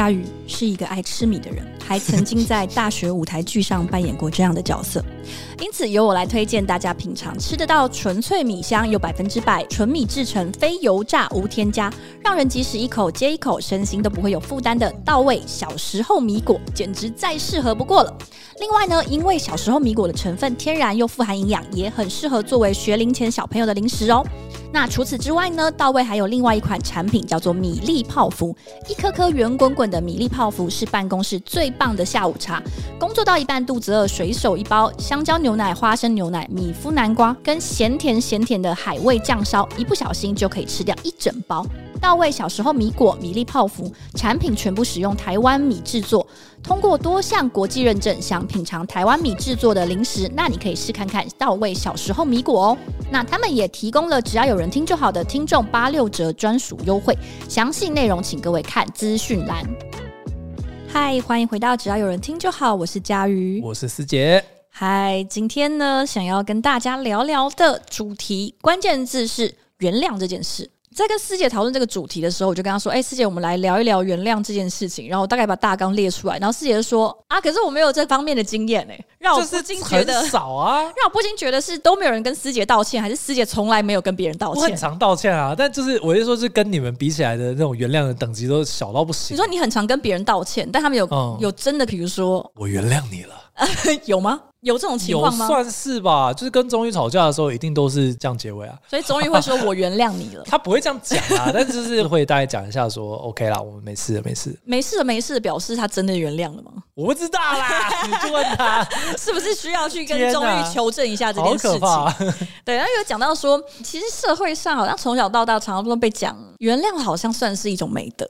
下雨。是一個愛吃米的人，還曾經在大學舞台劇上扮演過這樣的角色， 因此由我來推薦大家品嘗吃得到純粹米香、有百分之百純米製成、非油炸無添加，讓人即使一口接一口，身心都不會有負擔的稻味小時候米果，簡直再適合不過了。另外呢，因為小時候米果的成分天然又富含營養，也很適合作為學齡前小朋友的零食哦。那除此之外呢，稻味還有另外一款產品叫做米粒泡芙，一顆顆圓滾滾的米粒泡。泡芙是辦公室最棒的下午茶。工作到一半肚子餓，隨手一包香蕉牛奶、花生牛奶、米夫南瓜，跟鹹甜鹹甜的海味醬燒，一不小心就可以吃掉一整包。稻味小時候米果米粒泡芙產品全部使用台灣米制作，通過多項國際認證。想品嘗台灣米制作的零食，那你可以試看看稻味小時候米果哦。那他們也提供了只要有人聽就好的聽眾八六折專屬優惠，詳細內容請各位看資訊欄。嗨，Hi, 歡迎回到《只要有人聽就好》，我是家瑜，我是思杰。嗨，今天呢，想要跟大家聊聊的主題關鍵字是原諒這件事。在跟師姐討論這個主題的時候，我就跟她說：“哎、欸，師姐，我們來聊一聊原諒這件事情。”然後我大概把大綱列出來，然後師姐就說：“啊，可是我沒有這方面的經驗誒、欸，讓我不禁覺得是少啊，讓我不禁覺得是都沒有人跟師姐道歉，還是師姐從來沒有跟別人道歉？我很常道歉啊，但就是我就說，是跟你們比起來的那種原諒的等級都小到不行。你說你很常跟別人道歉，但他們有、嗯、有真的，比如說我原諒你了、啊，有嗎？”有這種情況嗎？算是吧，就是跟鍾宇吵架的時候，一定都是這樣結尾啊。所以鍾宇會說：“我原諒你了。” 他不會這樣講啊，但是就是會大概講一下說 ：“OK 啦，我們沒事，沒事，沒事，沒事。”表示他真的原諒了嗎？我不知道啦， 你就問他 是不是需要去跟鍾宇求證一下這件事情。啊，好可怕 對，然後又講到說，其實社會上好像從小到大常常都被講原諒，好像算是一種美德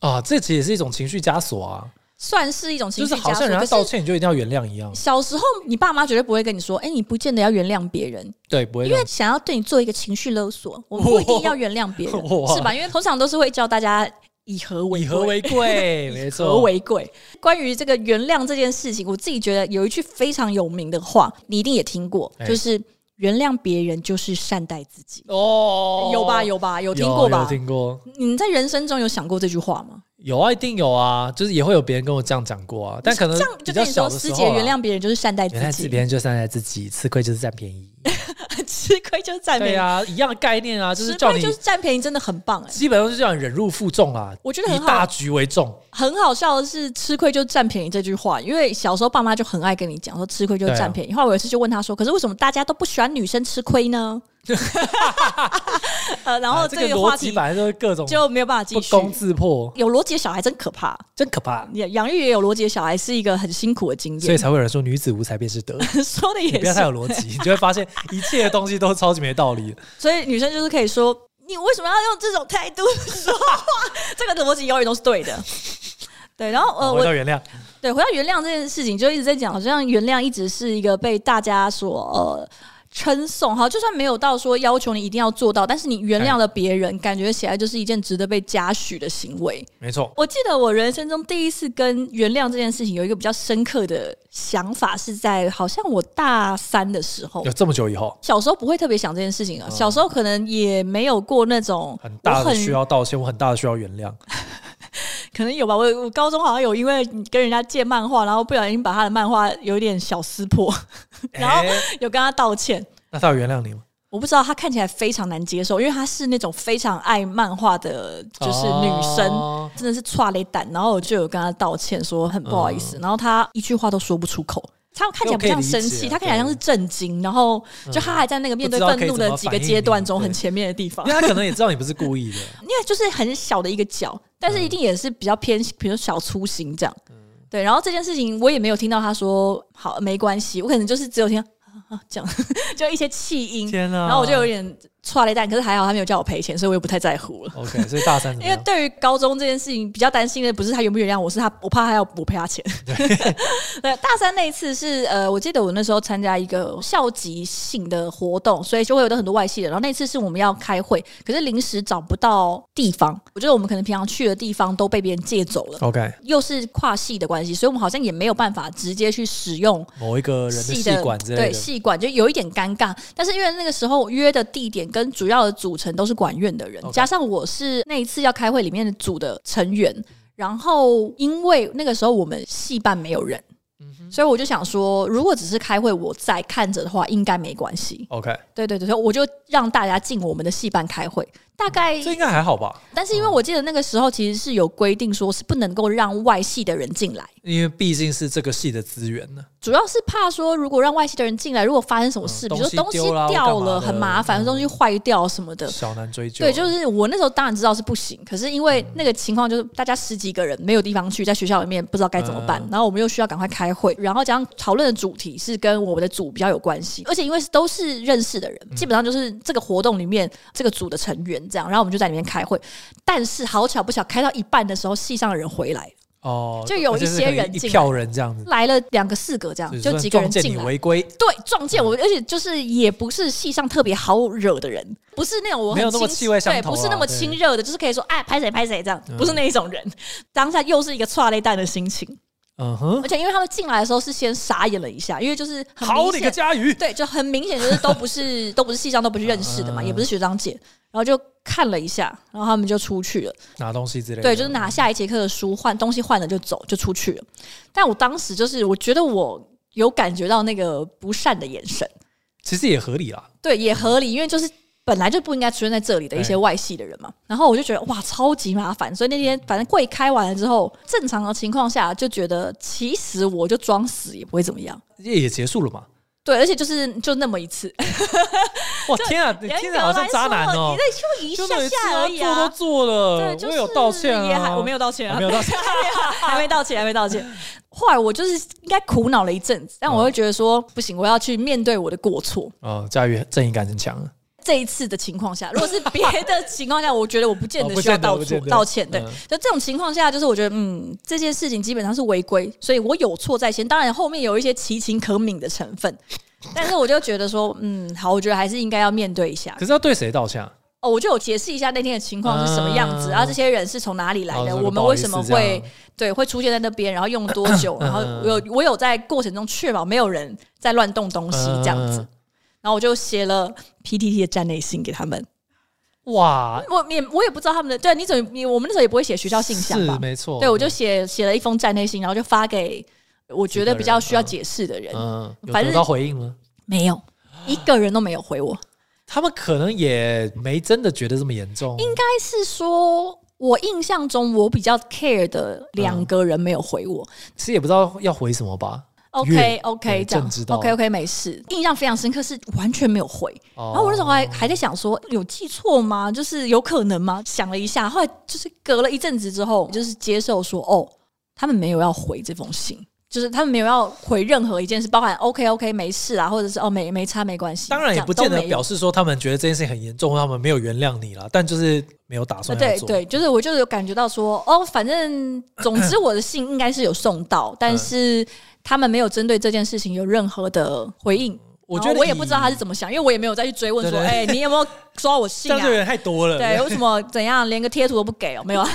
啊。這其實也是一種情緒枷鎖啊。算是一種情緒，就是好像人家道歉，你就一定要原諒一樣。小時候，你爸媽絕對不會跟你說：“哎、欸，你不見得要原諒別人。”對，不會，因為想要對你做一個情緒勒索，我不一定要原諒別人，哦、是吧？因為通常都是會教大家以和為以和為貴， 以和為沒錯錯，為貴。關於這個原諒這件事情，我自己覺得有一句非常有名的話，你一定也聽過，欸、就是原諒別人就是善待自己哦、欸，有吧？有吧？有聽過吧？有有聽過？你們在人生中有想過這句話嗎？有啊，一定有啊，就是也會有別人跟我這樣講過啊，但可能就跟你說，師姐、啊、原諒別人就是善待自己，原諒別人就善待自己，吃虧就是占便宜， 吃虧就是占便宜對啊，一樣的概念啊，就是吃虧就是占便宜真的很棒。哎、欸，基本上就是這樣忍辱負重啊，我覺得很以大局為重。很好笑的是吃虧就占便宜這句話，因為小時候爸媽就很愛跟你講說吃虧就占便宜。啊、後來我有一次就問他說，可是為什麼大家都不喜歡女生吃虧呢？哈哈哈哈哈！ 呃，然後這個邏輯反正就是各種就沒有辦法繼續，不攻自破。有邏輯的小孩真可怕，真可怕。養育也有邏輯的小孩是一個很辛苦的經驗，所以才會有人說女子無才便是德。說的也不要太有邏輯，你就會發現一切的東西都超級沒道理。所以女生就是可以說，你為什麼要用這種態度說話？這個邏輯永遠都是對的。對，然後呃，回到原諒。對，回到原諒這件事情，就一直在講，好像原諒一直是一個被大家所、呃。稱頌哈，就算沒有到說要求你一定要做到，但是你原諒了別人，嗯、感覺起來就是一件值得被嘉許的行為。沒錯錯，我記得我人生中第一次跟原諒這件事情有一個比較深刻的想法，是在好像我大三的時候。有這麼久以後，小時候不會特別想這件事情啊，嗯、小時候可能也沒有過那種很大的需要道歉，我很，我很大的需要原諒。 可能有吧，我我高中好像有因為跟人家借漫畫，然後不小心把他的漫畫有一點小撕破，欸、然後有跟他道歉。那他有原諒你嗎？我不知道，他看起來非常難接受，因為他是那種非常愛漫畫的，就是女生，哦、真的是剉咧等。然後我就有跟他道歉，說很不好意思，嗯、然後他一句話都說不出口。他看起來不像生氣，他看起來好像是震驚，對然後就他還在那個面對憤怒的幾個階段中很前面的地方。嗯、 因為他可能也知道你不是故意的，因為就是很小的一個角。但是一定也是比較偏，比如小粗心這樣，嗯、對。然後這件事情我也沒有聽到他說好沒關係，我可能就是只有聽到，啊啊、這樣，就一些氣音，啊、然後我就有點。踹了一彈，可是還好他沒有叫我賠錢，所以我也不太在乎了。OK，所以大三因為對於高中這件事情比較擔心的不是他原不原諒我，是他我怕他要我賠他錢。對， 對，大三那一次是呃，我記得我那時候參加一個校級性的活動，所以就會有的很多外系的。然後那次是我們要開會，嗯、可是臨時找不到地方，我覺得我們可能平常去的地方都被別人借走了。OK，又是跨系的關係，所以我們好像也沒有辦法直接去使用某一個人的系館，管，對，系館就有一點尷尬。但是因為那個時候約的地點。跟主要的組成都是管院的人，Okay. 加上我是那一次要開會裡面的組的成員，嗯、然後因為那個時候我們系辦沒有人。嗯所以我就想說，如果只是開會，我在看着的話，應該沒關係。OK，對對對，所以我就讓大家進我們的戲班開會，大概、嗯、這應該還好吧。但是因為我記得那個時候其實是有規定，說是不能夠讓外系的人進來、嗯，因為畢竟是這個系的資源呢。主要是怕說，如果讓外系的人進來，如果發生什麼事，嗯、比如說東西掉了很麻煩，嗯、東西壞掉什麼的，小南追究。對，就是我那時候當然知道是不行，可是因為那個情況就是大家十幾個人沒有地方去，在學校裡面不知道該怎麼辦，嗯、然後我們又需要趕快開會。然後這樣討論的主題是跟我們的組比較有關係，而且因為是都是認識的人，基本上就是這個活動裡面這個組的成員這樣，然後我們就在裡面開會。但是好巧不巧，開到一半的時候，系上的人回來，哦，就有一些人進，一票人這樣子來了兩個四個這樣，以就幾個人進來違規，對，撞見、嗯、我，而且就是也不是系上特別好惹的人，不是那種我很沒有那麼氣味相投不是那麼親熱的，對就是可以說哎，拍誰拍誰這樣，不是那一種人。嗯、當下又是一個剉咧等的心情。嗯哼，而且因為他們進來的時候是先傻眼了一下，因為就是好你個家瑜。對，就很明顯就是都不是 都不是系上都不是認識的嘛，也不是學長姐，然後就看了一下，然後他們就出去了，拿東西之類的，對，就是拿下一節課的書換東西換了就走就出去了。但我當時就是我覺得我有感覺到那個不善的眼神，其實也合理啊，對，也合理，因為就是。本來就不應該出現在這裡的一些外系的人嘛，然後我就覺得哇，超級麻煩。所以那天反正會開完了之後，正常的情況下就覺得，其實我就裝死也不會怎麼樣，也也結束了嘛。對，而且就是就那麼一次。哇天啊，你聽着好像渣男哦！你這就那一下下而已，做都做了，我沒有道歉啊，我沒有道歉啊，沒有道歉啊，還沒道歉，還沒道歉。後來我就是應該苦惱了一陣子，但我會覺得說不行，我要去面對我的過錯。哦，家瑜，正義感很強。這一次的情況下，如果是別的情況下，我覺得我不見得需要道歉。道歉對，就這種情況下，就是我覺得，嗯，這件事情基本上是違規，所以我有錯在先。當然，後面有一些其情可憫的成分，但是我就覺得說，嗯，好，我覺得還是應該要面對一下。可是要對誰道歉？哦，我就有解釋一下那天的情況是什麼樣子，然後這些人是從哪裡來的，我們為什麼會對會出現在那邊，然後用多久，然後有我有在過程中確保沒有人在亂動東西，這樣子。然後我就寫了 PTT 的站內信給他們。哇，我也我也不知道他們的，對你怎你我們那時候也不會寫學校信箱吧？沒錯，對，我就寫寫了一封站內信，然後就發給我覺得比較需要解釋的人、人。嗯，嗯，有得到回應嗎？沒有，一個人都沒有回我。他們可能也沒真的覺得這麼嚴重。應該是說，我印象中我比較 care 的兩個人沒有回我，其實、嗯、也不知道要回什麼吧。OK，OK，okay, okay, 對這樣知道 OK，OK，okay, okay, 沒事，印象非常深刻，是完全沒有回。Oh. 然後我那時候還還在想說，有記錯嗎？就是有可能嗎？想了一下，後來就是隔了一陣子之後，就是接受說，哦，他們沒有要回這封信，就是他們沒有要回任何一件事，包含 OK，OK，okay, okay, 沒事啊，或者是哦，沒沒差，沒關係。當然也不見得表示說他們覺得這件事情很嚴重，他們沒有原諒你了，但就是沒有打算做對。對，就是我就是有感覺到說，哦，反正總之我的信應該是有送到，嗯、但是。他們沒有針對這件事情有任何的回應，我覺得我也不知道他是怎麼想，因為我也沒有再去追問說，對對對哎，你有沒有收到我信啊？這人 太多了，對，對為什麼怎樣，連個貼圖都不給哦， 沒有，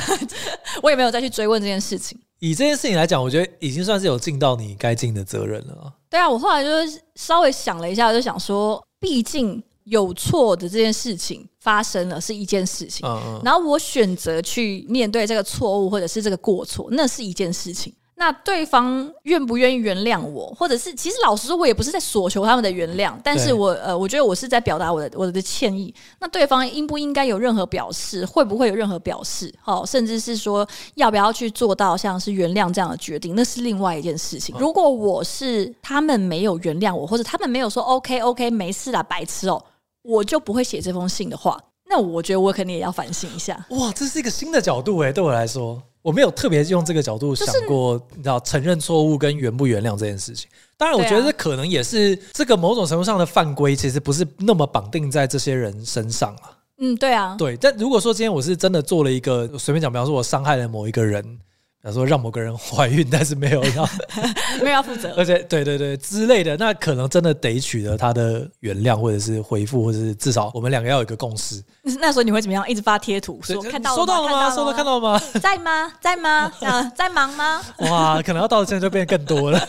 我也沒有再去追問這件事情。以這件事情來講，我覺得已經算是有盡到你該盡的責任了。對啊，我後來就稍微想了一下，就想說，畢竟有錯的這件事情發生了是一件事情，嗯嗯然後我選擇去面對這個錯誤或者是這個過錯，那是一件事情。那對方願不願意原諒我，或者是其實老實說，我也不是在索求他們的原諒，對但是我呃，我覺得我是在表達我的我的歉意。那對方應不應該有任何表示，會不會有任何表示？哦，甚至是說要不要去做到像是原諒這樣的決定，那是另外一件事情。哦、如果我是他們沒有原諒我，或者他們沒有說 OK OK 沒事啦，白痴哦、喔，我就不會寫這封信的話，那我覺得我肯定也要反省一下。哇，這是一個新的角度哎、欸，對我來說。我沒有特別用這個角度想過是你知道承認錯誤跟原不原諒這件事情。當然，我覺得這可能也是這個某種程度上的犯規，其實不是那麼綁定在這些人身上、啊、嗯，對啊，對。但如果說今天我是真的做了一個我隨便講，比方說我傷害了某一個人。想說讓某個人懷孕，但是沒有要 沒有要負責，而且對對對之類的，那可能真的得取得他的原諒，或者是回覆，或者是至少我們兩個要有一個共識。那時候你會怎麼樣？一直發貼圖說，說看到了嗎？收到看到了嗎,到了嗎、嗯？在嗎？在嗎？ 啊，在忙嗎？哇，可能要到現在就變更多了。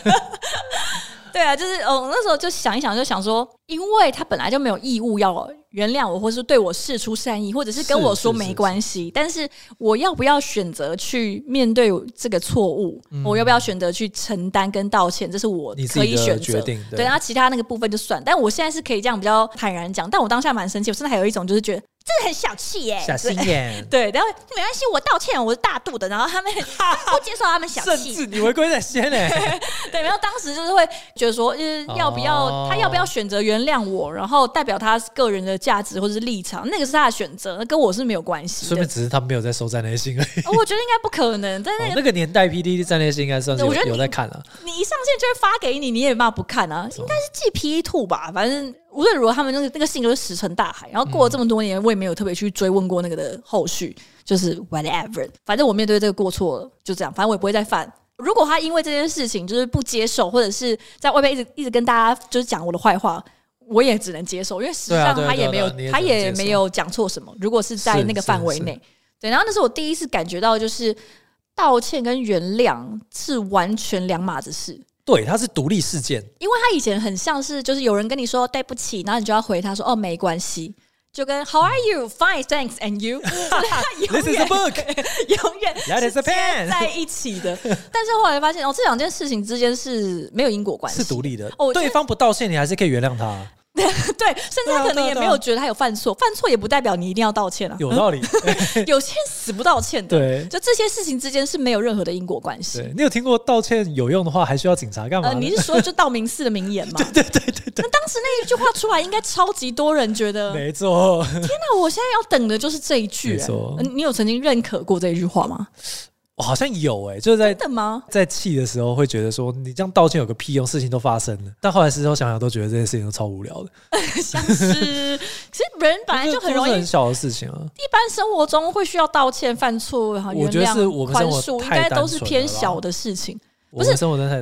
對啊，就是哦，那時候就想一想，就想說，因為他本來就沒有義務要原諒我，或是對我釋出善意，或者是跟我說沒關係。是是是是，但是我要不要選擇去面對這個錯誤？嗯、我要不要選擇去承擔跟道歉？這是我可以選擇，對，然後、啊、其他那個部分就算。但我現在是可以這樣比較坦然講，但我當下還蠻生氣，我現在還有一種就是覺得。真的很小氣耶、欸，小心眼對。對，然後沒關係，我道歉，我是大度的。然後他們 不接受，他們小氣，甚至你違規在先嘞、欸。對，然後當時就是會覺得說，要不要、哦、他要不要選擇原諒我？然後代表他個人的價值或者是立場，那個是他的選擇，那跟我是沒有關係。順便只是他沒有在收站內信而已。我覺得應該不可能，在那個年代 P D D 站內信應該算是。我覺得有在看啊，你一上線就會發給你，你也嘛不看啊，錯應該是記 P 2吧，反正。無論如何，他們、那個那個、就是那個信，就是石沉大海。然後過了這麼多年，嗯、我也沒有特別去追問過那個的後續。就是 whatever，反正我面對這個過錯就這樣，反正我也不會再犯。如果他因為這件事情就是不接受，或者是在外面一直一直跟大家就是講我的壞話，我也只能接受，因為實際上他也沒有、啊、對對對，他也沒有講錯什麼。如果是在那個範圍內，對。然後那是我第一次感覺到，就是道歉跟原諒是完全兩碼子事。對，他是獨立事件。因為他以前很像是，就是有人跟你說對不起，然後你就要回他說哦，沒關係，就跟 How are you? Fine, thanks. And you? 永遠，This is a book. That is a pen，在一起的。但是後來發現哦，這兩件事情之間是沒有因果關係，是獨立的。哦，對方不道歉，你還是可以原諒他。 對，甚至他可能也沒有覺得他有犯錯，犯錯也不代表你一定要道歉啊。有道理， 有些人死不道歉的。對，就這些事情之間是沒有任何的因果關係。對，你有聽過道歉有用的話，還需要警察幹嘛、呃？你是說就道明寺的名言嗎？ 對對對對對。那當時那一句話出來，應該超級多人覺得沒錯錯。天哪、啊，我現在要等的就是這一句、欸。沒錯錯、呃，你有曾經認可過這一句話嗎？我好像有哎、欸，就是在，真的嗎？在氣的時候會覺得說，你這樣道歉有個屁用，事情都發生了。但後來事後想想，都覺得這件事情都超無聊的，像是 其實人本來就很容易、嗯、很小的事情啊。一般生活中會需要道歉、犯錯、原諒、寬恕，應該都是偏小的事情。不是，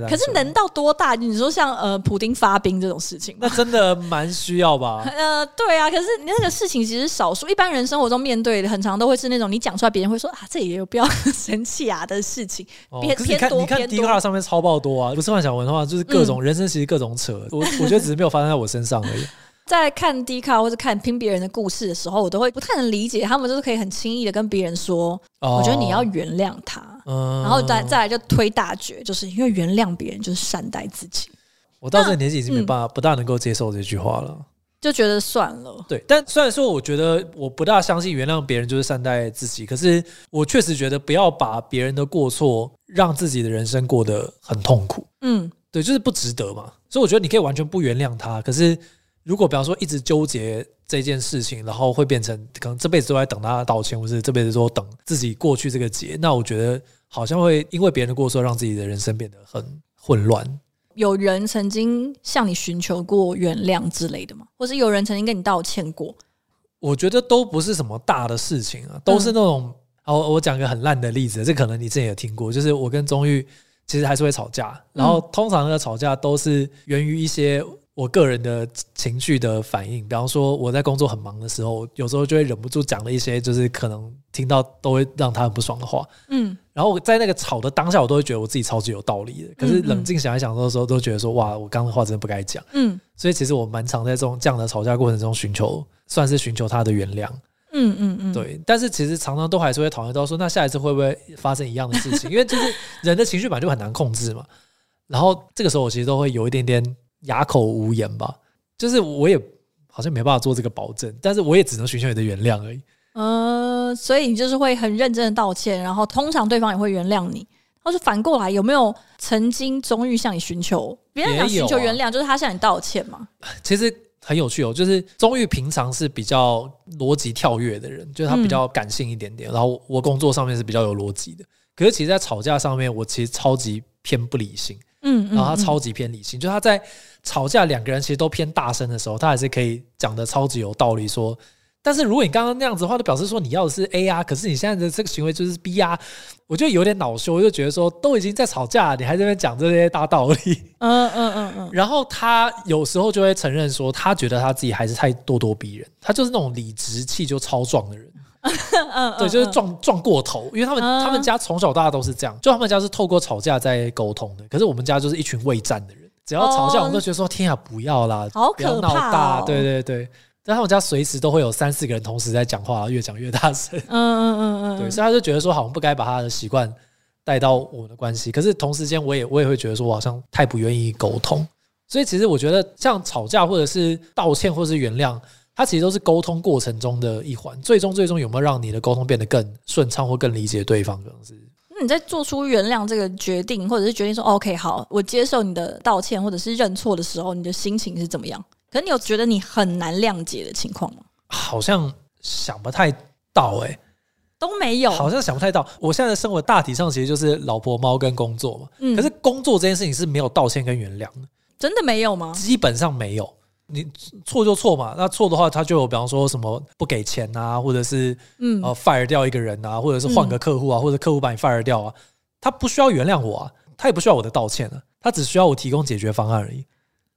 可是能到多大？你說像呃，普丁發兵這種事情，那真的蠻需要吧？呃，對啊，可是你那個事情其實少數，一般人生活中面對的，很常都會是那種你講出來，別人會說啊，這也有不要生氣啊的事情。別、哦、偏，偏多，你看 Dcard 上面超爆多啊！不是幻想文的話，就是各種、嗯、人生，其實各種扯。我我覺得只是沒有發生在我身上而已。 在看 D 卡或者看聽別人的故事的時候，我都會不太能理解他們，就是可以很輕易的跟別人說：“哦、我覺得你要原諒他。嗯”然後再再來就推大絕。就是因為原諒別人就是善待自己。我到這個年紀已經沒辦法不大能夠接受這句話了，嗯、就覺得算了。對，但雖然說我覺得我不大相信原諒別人就是善待自己，可是我確實覺得不要把別人的過錯讓自己的人生過得很痛苦。嗯，對，就是不值得嘛。所以我覺得你可以完全不原諒他，可是。如果比方說一直糾結這件事情，然後會變成可能這輩子都在等他道歉，或是這輩子說等自己過去這個結，那我覺得好像會因為別人的過錯讓自己的人生變得很混亂。有人曾經向你尋求過原諒之類的嗎？或是有人曾經跟你道歉過？我覺得都不是什麼大的事情啊，都是那種……哦、嗯啊，我講一個很爛的例子，這可能你之前也聽過，就是我跟鍾玉其實還是會吵架，然後通常的吵架都是源於一些。我個人的情緒的反應，比方說我在工作很忙的時候，有時候就會忍不住講了一些，就是可能聽到都會讓他很不爽的話。嗯，然後我在那個吵的當下，我都會覺得我自己超級有道理的。可是冷靜想一想的時候，都覺得說嗯嗯哇，我剛的話真的不該講。嗯，所以其實我蠻常在這種這樣的吵架過程中，尋求算是尋求他的原諒。嗯嗯嗯，對。但是其實常常都還是會討厭到說，那下一次會不會發生一樣的事情？ 因為就是人的情緒本來就很難控制嘛。然後這個時候，我其實都會有一點點。啞口無言吧，就是我也好像沒辦法做這個保證，但是我也只能尋求你的原諒而已。嗯、呃，所以你就是會很認真的道歉，然後通常對方也會原諒你。或是反過來，有沒有曾經忠玉向你尋求別人想尋求原諒，就是他向你道歉嘛、啊？其實很有趣哦，就是忠玉平常是比較邏輯跳躍的人，嗯、就是他比較感性一點點，然後我工作上面是比較有邏輯的，可是其實，在吵架上面，我其實超級偏不理性，嗯，嗯，然後他超級偏理性，就是他在吵架兩個人其實都偏大聲的時候，他還是可以講的超級有道理。說，但是如果你剛剛那樣子的話，就表示說你要的是 A 啊，可是你現在的這個行為就是 B 啊，我就有點惱羞，我就覺得說都已經在吵架了，你還在那邊講這些大道理。嗯嗯嗯嗯。嗯嗯嗯，然後他有時候就會承認說，他覺得他自己還是太咄咄逼人，他就是那種理直氣就超壯的人。 嗯嗯、對，就是撞撞過頭，因為他們、嗯、他們家從小到大都是這樣，就他們家是透過吵架在溝通的。可是我們家就是一群畏戰的人，只要吵架，哦、我們都覺得說：“天啊、不要啦！”哦、不要鬧大，對對對，但他們家隨時都會有三四個人同時在講話，越講越大聲。嗯嗯嗯嗯，對，所以他就覺得說：“好像不該把他的習慣帶到我們的關係。”可是同時間，我也我也會覺得說：“我好像太不願意溝通。”所以其實我覺得，像吵架或者是道歉或者是原諒。它其實都是溝通過程中的一環，最終最終有沒有讓你的溝通變得更順暢或更理解對方？可能是那你在做出原諒這個決定，或者是決定說 “OK，好，我接受你的道歉或者是認錯”的時候，你的心情是怎麼樣？可是你有覺得你很難諒解的情況嗎？好像想不太到、欸，哎，都沒有，好像想不太到。我現在的生活大體上其實就是老婆、貓跟工作嘛。嗯，可是工作這件事情是沒有道歉跟原諒的，真的沒有嗎？基本上沒有。你錯就錯嘛，那錯的話，他就有比方說什麼不給錢啊，或者是嗯呃 fire 掉一個人啊，或者是換個客戶啊，嗯、或者客戶把你 fire 掉啊，他不需要原諒我啊，他也不需要我的道歉啊，他只需要我提供解決方案而已，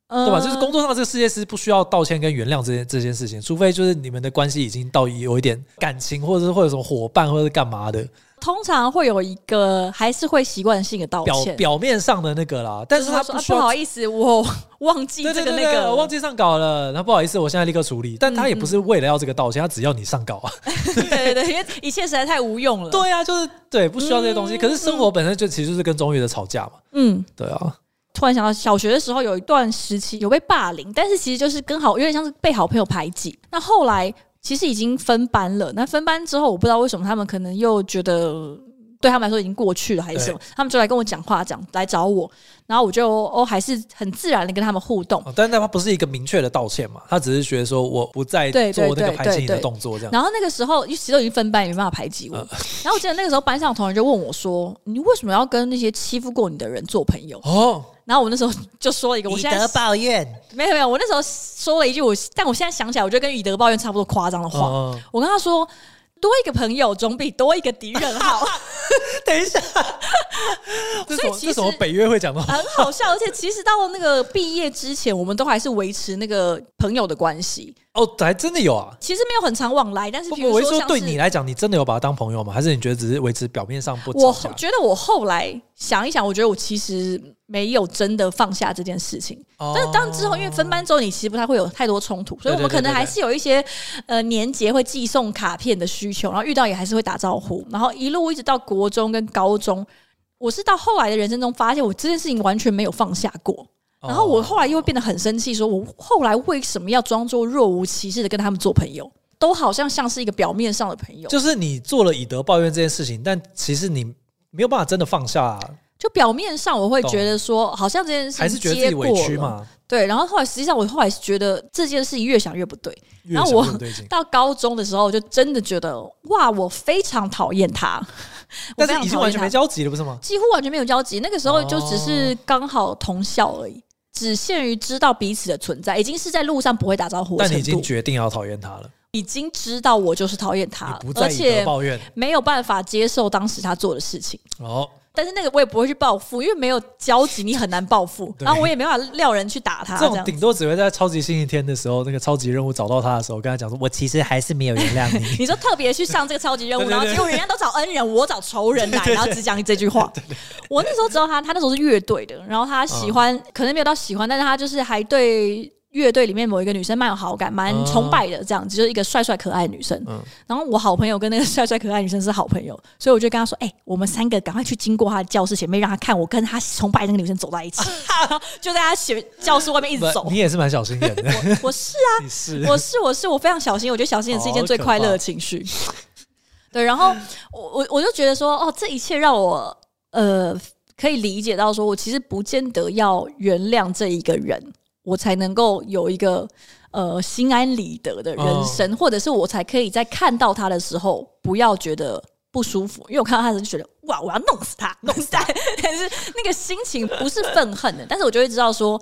嗯、對吧？就是工作上這個世界是不需要道歉跟原諒這件這件事情，除非就是你們的關係已經到底有一點感情，或者是或者是什麼夥伴，或者是幹嘛的。通常會有一個，還是會習慣性的道歉表，表面上的那個啦。但是，是說他不、啊、不好意思，我忘記這個那個，對對對對我忘記上稿了。那不好意思，我現在立刻處理。但他也不是為了要這個道歉，他只要你上稿啊。嗯、對，對對，因為一切實在太無用了。對啊，就是對，不需要這些東西。嗯、可是生活本身就、嗯、就其實就是跟中學的吵架嘛。嗯，對啊。突然想到小學的時候有一段時期有被霸凌，但是其實就是跟好，有點像是被好朋友排擠。那後來，其實已經分班了，那分班之後我不知道為什麼他們可能又覺得。對他們來說已經過去了還是什麼？對他們就來跟我講話，講來找我，然後我就哦，還是很自然的跟他們互動。哦、但是那他不是一個明確的道歉嘛，他只是覺得說我不再做那個排擠你的動作這樣，對對對對對對。然後那個時候，一直都已經分班，也沒辦法排擠我。呃、然後我記得那個時候班上同學就問我說：“你為什麼要跟那些欺負過你的人做朋友？”哦，然後我那時候就說了一個……我現在：“以德報怨。”沒有沒有，我那時候說了一句，我但我現在想起來，我覺得跟以德報怨差不多誇張的話。哦哦，我跟他說。多一個朋友總比多一個敵人好。 等一下， 所以為什麼北約會講的很好笑，而且其實到了那個畢業之前，我們都還是維持那個朋友的關係。哦，還真的有啊。其實沒有很常往來，但是比如說，對你來講，你真的有把他當朋友嗎？還是你覺得只是維持表面上不？我覺得我後來想一想，我覺得我其實。沒有真的放下這件事情，但是當之後，因為分班之後，你其實不太會有太多衝突，所以我們可能還是有一些呃年節會寄送卡片的需求，然後遇到也還是會打招呼，然後一路一直到國中跟高中。我是到後來的人生中發現，我這件事情完全沒有放下過，然後我後來又變得很生氣，說我後來為什麼要裝作若無其事的跟他們做朋友，都好像像是一個表面上的朋友，就是你做了以德報怨這件事情，但其實你沒有辦法真的放下啊。就表面上我會覺得說，好像這件事是還是覺得自己委屈嘛，對。然後後來實際上，我後來覺得這件事情越想越不對。越越對，然後我到高中的時候，就真的覺得哇，我非常討厭他。他但是已經完全沒交集了，不是嗎？幾乎完全沒有交集。那個時候就只是剛好同校而已，哦、只限於知道彼此的存在，已經是在路上不會打招呼。但你已經決定要討厭他了，已經知道我就是討厭他，不再以德報怨，而且，沒有辦法接受當時他做的事情。好、哦。但是那個我也不會去報復，因為沒有交集，你很難報復。對然後我也沒法撂人去打他這樣子，這種頂多只會在超級星期天的時候，那個超級任務找到他的時候，跟他講說：“我其實還是沒有原諒你。” 你說特別去上這個超級任務，對對對對，然後結果人家都找恩人，我找仇人來，然後只講你這句話。對對對對，我那時候知道他，他那時候是樂隊的，然後他喜歡，嗯、可能沒有到喜歡，但是他就是還對。樂隊裡面某一個女生蠻有好感，蠻崇拜的，這樣子。哦、就是一個帥帥可愛的女生。嗯、然後我好朋友跟那個帥帥可愛的女生是好朋友，所以我就跟她說：“哎、欸，我們三個趕快去經過她的教室前面，讓她看我跟她崇拜的那個女生走在一起。啊” 就在她學教室外面一直走。你也是蠻小心眼的。 我，我是啊，你是我是我是，我是，我非常小心。我覺得小心眼是一件最快樂的情緒。 對，然後我我就覺得說，哦，這一切讓我呃可以理解到，說我其實不見得要原諒這一個人。我才能夠有一個呃心安理得的人生，哦、或者是我才可以在看到他的時候，不要覺得不舒服。因為我看到他的時候就覺得哇，我要弄死他，弄死他。但是 那個心情不是憤恨的， 但是我就會知道說，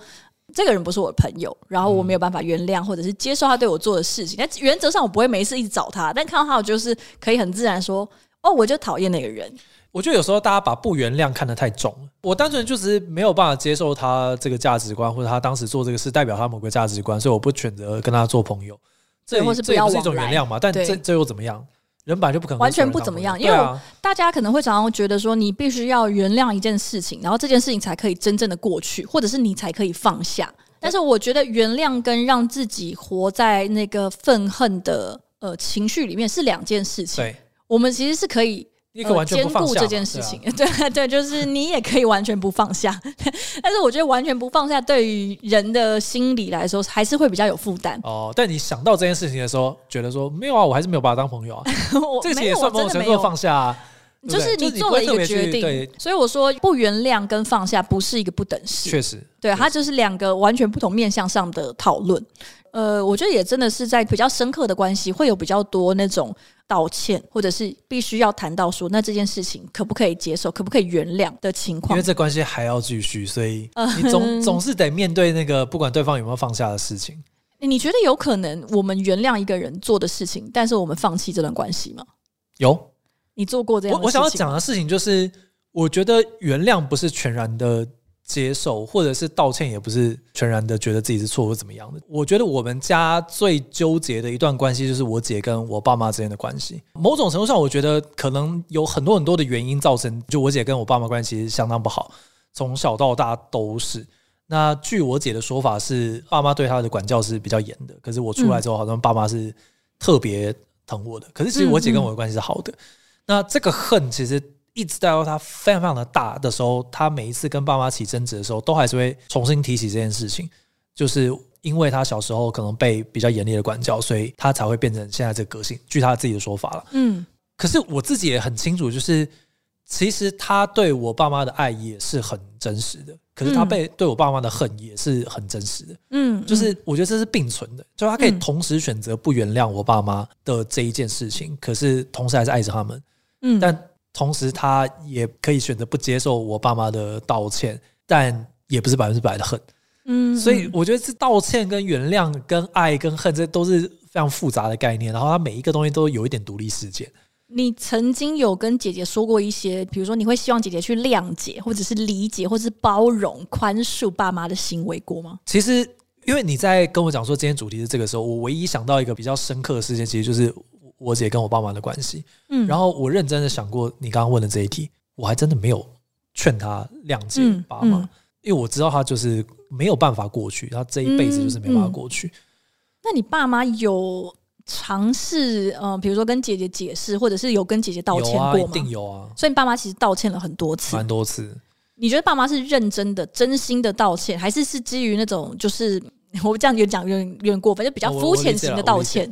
這個人不是我的朋友，然後我沒有辦法原諒，或者是接受他對我做的事情。嗯、但原則上我不會沒事一直找他。但看到他，我就是可以很自然說，哦，我就討厭那個人。我覺得有時候大家把不原諒看得太重，我單純就是沒有辦法接受他這個價值觀，或者他當時做這個事代表他某個價值觀，所以我不選擇跟他做朋友這，是不要這，這不是一種原諒嘛？但這這又對怎麼樣？人本來就不可能完全不怎麼樣，因為、啊、大家可能會常常覺得說，你必須要原諒一件事情，然後這件事情才可以真正的過去，或者是你才可以放下。但是我覺得原諒跟讓自己活在那個憤恨的呃情緒裡面是兩件事情。對我們其實是可以。一個完全不放下、呃、這件事情，對、啊、對，就是你也可以完全不放下， 但是我覺得完全不放下對於人的心理來說，還是會比較有負擔。哦，但你想到這件事情的時候，覺得說沒有啊，我還是沒有把他當朋友啊，這個 我也算某種程度放下、啊， 對對就是你做了一個決定。對所以我說，不原諒跟放下不是一個不等式，確實，對，實它就是兩個完全不同面向上的討論。呃，我覺得也真的是在比較深刻的關係，會有比較多那種，道歉，或者是必須要談到說，那這件事情可不可以接受，可不可以原諒的情況？因為這關係還要繼續，所以你總、嗯、總是得面對那個不管對方有沒有放下的事情。你覺得有可能我們原諒一個人做的事情，但是我們放棄這段關係嗎？有，你做過這樣的事情嗎？我，我想要講的事情就是，我覺得原諒不是全然的。接受，或者是道歉，也不是全然的覺得自己是錯或怎麼樣的。我覺得我們家最糾結的一段關係，就是我姐跟我爸媽之間的關係。某種程度上，我覺得可能有很多很多的原因造成，就我姐跟我爸媽關係相當不好，從小到大都是。那據我姐的說法，是爸媽對她的管教是比較嚴的。可是我出來之後，好像爸媽是特別疼我的。可是其實我姐跟我的關係是好的。那這個恨其實。一直到他非常非常的大的時候，他每一次跟爸媽起爭執的時候，都還是會重新提起這件事情。就是因為他小時候可能被比較嚴厲的管教，所以他才會變成現在這個個性。據他自己的說法啦，嗯。可是我自己也很清楚，就是其實他對我爸媽的愛也是很真實的，可是他被對我爸媽的恨也是很真實的，嗯。就是我覺得這是並存的，就是他可以同時選擇不原諒我爸媽的這一件事情，嗯、可是同時還是愛着他們，嗯。但同時，他也可以選擇不接受我爸媽的道歉，但也不是百分之百的恨。嗯，所以我覺得是道歉，跟原諒，跟愛，跟恨，這都是非常複雜的概念。然後，他每一個東西都有一點獨立事件。你曾經有跟姐姐說過一些，比如說你會希望姐姐去諒解，或者是理解，或者是包容、寬恕爸媽的行為過嗎？其實，因為你在跟我講說今天主題是這個時候，我唯一想到一個比較深刻的事情，其實就是。我姐跟我爸媽的關係，嗯，然後我認真的想過你剛剛問的這一題，我還真的沒有勸他諒解爸媽，嗯嗯、因為我知道他就是沒有辦法過去，他這一輩子就是沒辦法過去。嗯嗯、那你爸媽有嘗試，嗯、呃，比如說跟姐姐解釋，或者是有跟姐姐道歉過嗎？有啊，一定有啊。所以你爸媽其實道歉了很多次，蠻多次。你覺得爸媽是認真的、真心的道歉，還是是基於那種就是我這樣越講有越過分，就比較膚淺型的道歉？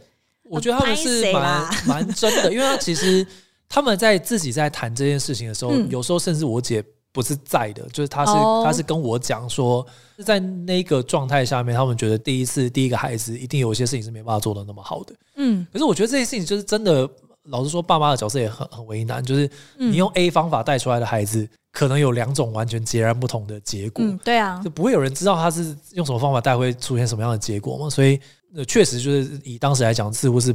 我覺得他們是蠻蠻真的，因為他其實他們在自己在談這件事情的時候，嗯、有時候甚至我姐不是在的，就是他是她、哦、是跟我講說，在那個狀態下面，他們覺得第一次第一個孩子一定有些事情是沒辦法做得那麼好的。嗯，可是我覺得這些事情就是真的。老實說，爸媽的角色也很很為難，就是你用 A 方法帶出來的孩子，嗯、可能有兩種完全截然不同的結果。嗯、對啊，就不會有人知道他是用什麼方法帶會出現什麼樣的結果嘛？所以。那確實就是以當時來講，似乎是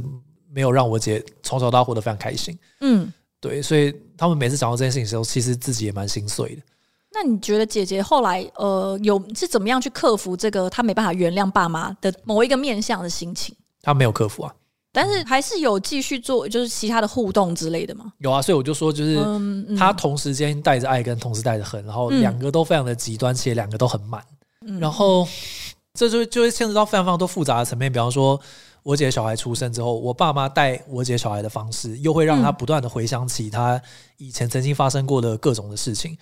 沒有讓我姐從小到大活得非常開心。嗯，對，所以他們每次講到這件事情的時候，其實自己也蠻心碎的。那你覺得姐姐後來呃，有是怎麼樣去克服這個她沒辦法原諒爸媽的某一個面向的心情？她沒有克服啊，但是還是有繼續做，就是其他的互動之類的嗎？有啊，所以我就說，就是、嗯嗯、她同時間帶着愛，跟同時帶着恨，然後兩個都非常的極端，且兩個都很滿，嗯、然後。這就會就會牽涉到非常非常多複雜的層面，比方說我姐小孩出生之後，我爸媽帶我姐小孩的方式，又會讓她不斷的回想起她以前曾經發生過的各種的事情，嗯、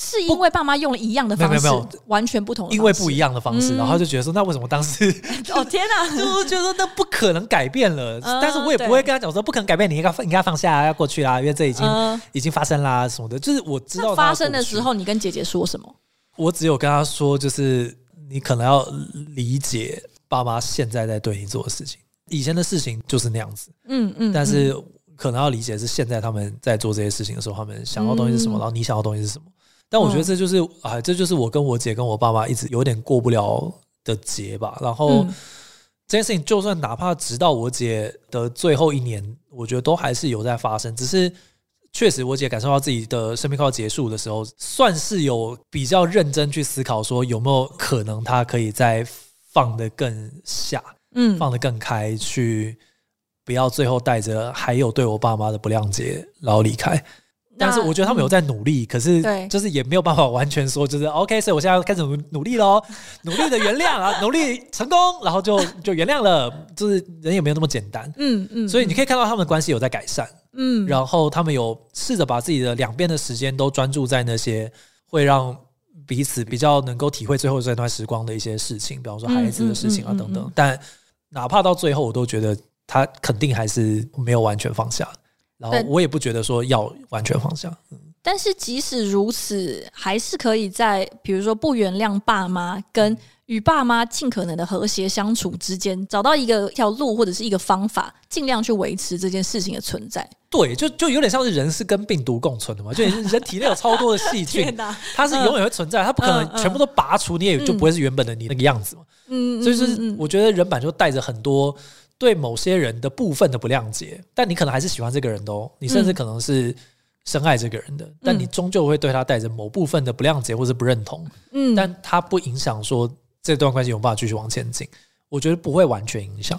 是因為爸媽用了一樣的方式，沒有不，完全不同的方式沒有沒有，因為不一樣的方式，嗯、然後就覺得說，那為什麼當時，哦天哪， 就是覺得說那不可能改變了，嗯、但是我也不會跟她講說對不可能改變，你應該應該放下，要過去啦，因為這已經、嗯、已經發生啦，什麼的，就是我知道的發生的時候，你跟姐姐說什麼？我只有跟她說，就是。你可能要理解爸媽現在在對你做的事情，以前的事情就是那樣子，嗯嗯。但是可能要理解是現在他們在做這些事情的時候，他們想要東西是什麼，然後你想要東西是什麼。但我覺得這就是啊，這就是我跟我姐跟我爸媽一直有點過不了的結吧。然後這件事情，就算哪怕直到我姐的最後一年，我覺得都還是有在發生，只是。確實，我姐感受到自己的生命快要結束的時候，算是有比較認真去思考，說有沒有可能他可以再放得更下，嗯、放得更開去，去不要最後帶着還有對我爸媽的不諒解然後離開。但是我覺得他們有在努力，啊，嗯、可是就是也沒有辦法完全說就是對 OK，所以我現在開始努力咯，努力的原諒啊， 努力成功，然後就就原諒了，就是人也沒有那麼簡單，嗯嗯。嗯，所以你可以看到他們的關係有在改善。嗯，然後他們有試着把自己的兩邊的時間都專注在那些會讓彼此比較能夠體會最後這段時光的一些事情，比方說孩子的事情啊等等。嗯嗯嗯嗯嗯、但哪怕到最後，我都覺得他肯定還是沒有完全放下。然後我也不覺得說要完全放下。嗯對，但是即使如此，還是可以在比如說不原諒爸媽跟。與爸媽盡可能的和諧相處之間，找到一個一條路或者是一個方法，盡量去維持這件事情的存在。對，就就有點像是人是跟病毒共存的嘛， 就人體內有超多的細菌， 呃、它是永遠會存在，它不可能全部都拔除，呃呃、你也就不會是原本的你那個樣子嘛。嗯，所以就是我覺得人版就帶着很多對某些人的部分的不諒解，嗯、但你可能還是喜歡這個人的，哦。你甚至可能是深愛這個人的，嗯、但你終究會對他帶着某部分的不諒解或是不認同。嗯，但它不影響說。這段關係有，有辦法繼續往前進，我覺得不會完全影響。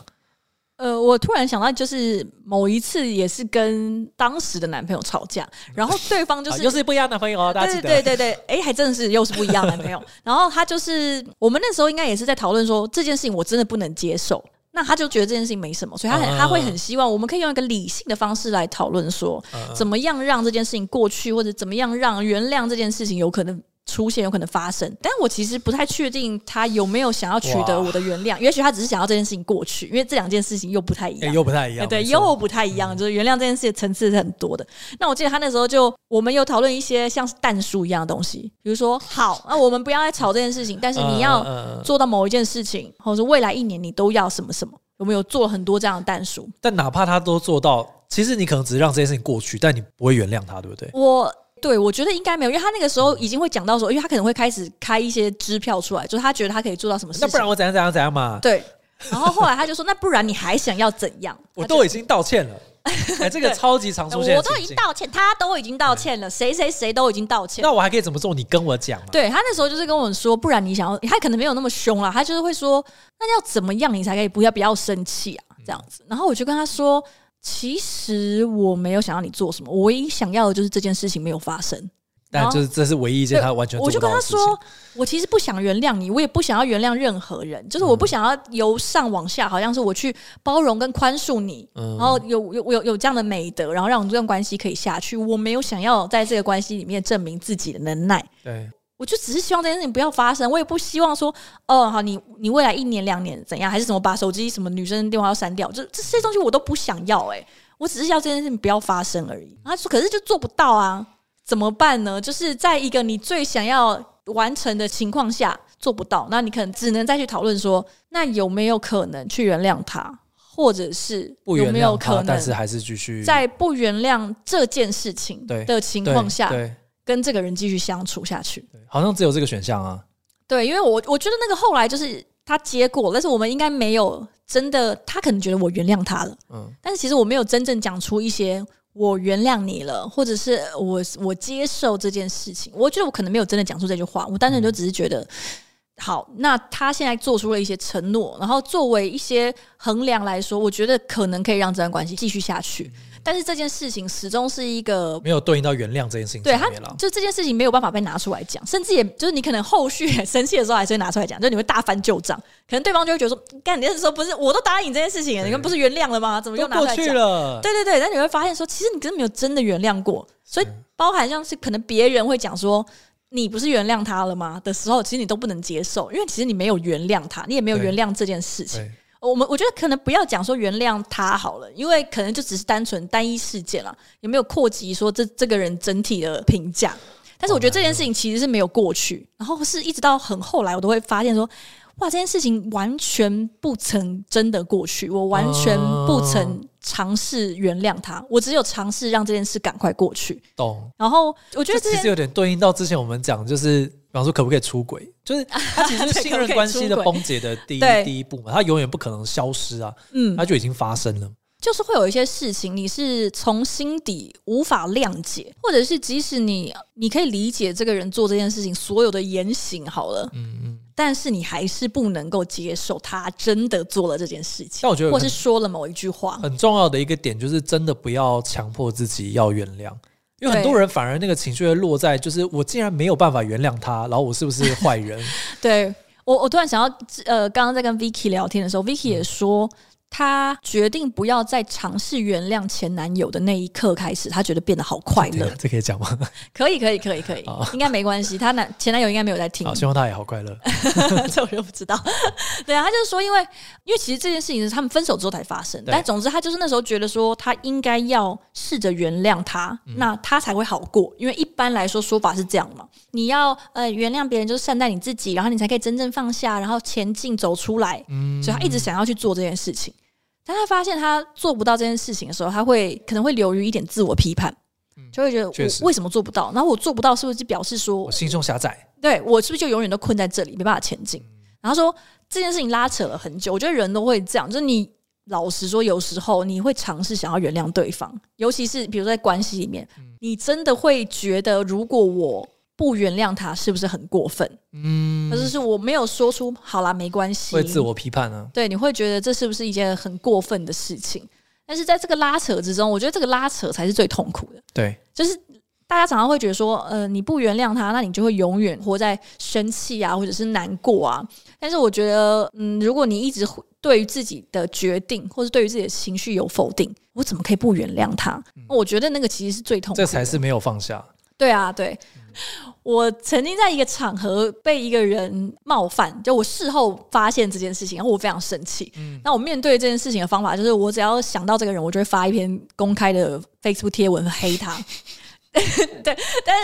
呃，我突然想到，就是某一次也是跟當時的男朋友吵架，然後對方就是 又是不一樣的朋友，大家記得，對，對對對，哎，還真的是又是不一樣男朋友。 然後他就是我們那時候應該也是在討論說這件事情，我真的不能接受。那他就覺得這件事情沒什麼，所以他很、嗯、他會很希望我們可以用一個理性的方式來討論說，說、嗯、怎麼樣讓這件事情過去，或者怎麼樣讓原諒這件事情有可能。出現有可能發生，但我其實不太確定他有沒有想要取得我的原諒。哇也許他只是想要這件事情過去，因為這兩件事情又不太一樣，又不太一樣，對，又不太一樣。就是原諒這件事情層次是很多的。那我記得他那時候就，我們有討論一些像是但書一樣的東西，比如說，好，那、啊、我們不要再吵這件事情，但是你要做到某一件事情，嗯嗯嗯、或者說未來一年你都要什麼什麼。我們有做了很多這樣的但書，但哪怕他都做到，其實你可能只是讓這件事情過去，但你不會原諒他，對不對？我。對，我覺得應該沒有，因為他那個時候已經會講到說，因為他可能會開始開一些支票出來，就是他覺得他可以做到什麼事情。那不然我怎樣怎樣怎樣嘛？對。然後後來他就說：“ 那不然你還想要怎樣？”我都已經道歉了， 哎、這個超級常出現。 我都已經道歉，他都已經道歉了，嗯、誰誰誰都已經道歉了。那我還可以怎麼做？你跟我講嘛。對，他那時候就是跟我說：“不然你想要……”他可能沒有那麼凶了，他就是會說：“那要怎麼樣你才可以不要不要生氣啊？”嗯、這樣子。然後我就跟他說。其實我沒有想要你做什麼，我唯一想要的就是這件事情沒有發生。但就是這是唯一一件他完全事，我就跟他說， 我其實不想原諒你，我也不想要原諒任何人，就是我不想要由上往下，好像是我去包容跟寬恕你，嗯、然後有有有有這樣的美德，然後讓我們這段關係可以下去。我沒有想要在這個關係裡面證明自己的能耐。對。我就只是希望這件事情不要發生，我也不希望說，哦，好，你你未來一年兩年怎樣，還是什麼把手機什麼女生的電話要刪掉，就這些東西我都不想要，欸，哎，我只是要這件事情不要發生而已。他說，可是就做不到啊，怎麼辦呢？就是在一個你最想要完成的情況下做不到，那你可能只能再去討論說，那有沒有可能去原諒他，或者是有沒有可能但是還是繼續在不原諒這件事情的情況下跟這個人繼續相處下去，好像只有這個選項啊。對，因為我我覺得那個後來就是他結果，但是我們應該沒有真的，他可能覺得我原諒他了，嗯，但是其實我沒有真正講出一些我原諒你了，或者是我我接受這件事情，我覺得我可能沒有真的講出這句話，我單純就只是覺得，嗯、好，那他現在做出了一些承諾，然後作為一些衡量來說，我覺得可能可以讓這段關係繼續下去。嗯但是這件事情始終是一個沒有對應到原諒這件事情對。對，他就這件事情沒有辦法被拿出來講， 甚至也就是你可能後續生氣的時候還是會拿出來講，就是你會大翻舊賬，可能對方就會覺得說，幹你這時候，不是我都答應這件事情，對你不是原諒了嗎？怎麼又拿出來講了？對對對，但你會發現說，其實你根本沒有真的原諒過，所以包含像是可能別人會講說，你不是原諒他了嗎？的時候，其實你都不能接受，因為其實你沒有原諒他，你也沒有原諒這件事情。我們我覺得可能不要講說原諒他好了，因為可能就只是單純單一事件了。也沒有擴及說這這個人整體的評價。但是我覺得這件事情其實是沒有過去，然後是一直到很後來我都會發現說，哇，這件事情完全不曾真的過去，我完全不曾嘗試原諒他，我只有嘗試讓這件事趕快過去。懂。然後我覺得這，這其實有點對應到之前我們講就是。比方說，可不可以出軌？就是它、啊、其實是信任關係的崩解的第一 對第一步嘛。它永遠不可能消失啊，嗯，它就已經發生了。就是會有一些事情，你是從心底無法諒解，或者是即使你你可以理解這個人做這件事情所有的言行好了，嗯嗯，但是你還是不能夠接受他真的做了這件事情。我覺得，或是說了某一句話，很重要的一個點就是，真的不要強迫自己要原諒。因為很多人反而那個情緒會落在，對就是我竟然沒有辦法原諒他，然後我是不是壞人？ 對我，我突然想要，呃，剛剛在跟 Vicky 聊天的時候，Vicky 也說。嗯他決定不要再嘗試原諒前男友的那一刻開始，他覺得變得好快樂。這可以講嗎？可以，可以，可以，可以，哦、應該沒關係。他男前男友應該沒有在聽。好，希望他也好快樂。 這我又不知道。 對啊，他就是說，因為因為其實這件事情是他們分手之後才發生。對但總之，他就是那時候覺得說，他應該要試着原諒他，嗯、那他才會好過。因為一般來說說法是這樣嘛，你要呃原諒別人，就是善待你自己，然後你才可以真正放下，然後前進走出來。嗯、所以他一直想要去做這件事情。當他發現他做不到這件事情的時候，他會可能會流於一點自我批判，嗯、就會覺得實我為什麼做不到？然後我做不到，是不是就表示說我心胸狹窄？對，我是不是就永遠都困在這裡，沒辦法前進？嗯、然後說這件事情拉扯了很久，我覺得人都會這樣，就是你老實說，有時候你會嘗試想要原諒對方，尤其是比如在關係裡面，嗯、你真的會覺得，如果我。不原諒他是不是很過分？嗯，可是是我沒有說出好啦，沒關係，會自我批判呢、啊？對，你會覺得這是不是一件很過分的事情？但是在這個拉扯之中，我覺得這個拉扯才是最痛苦的。對，就是大家常常會覺得說，呃，你不原諒他，那你就會永遠活在生氣啊，或者是難過啊。但是我覺得，嗯，如果你一直對於自己的決定或是對於自己的情緒有否定，我怎麼可以不原諒他？嗯，我覺得那個其實是最痛苦的。這才是沒有放下。對啊，對。我曾經在一個場合被一個人冒犯，就我事後發現這件事情，然後我非常生氣。那、嗯、我面對這件事情的方法就是，我只要想到這個人，我就會發一篇公開的 Facebook 貼文、嗯、黑他。 對，但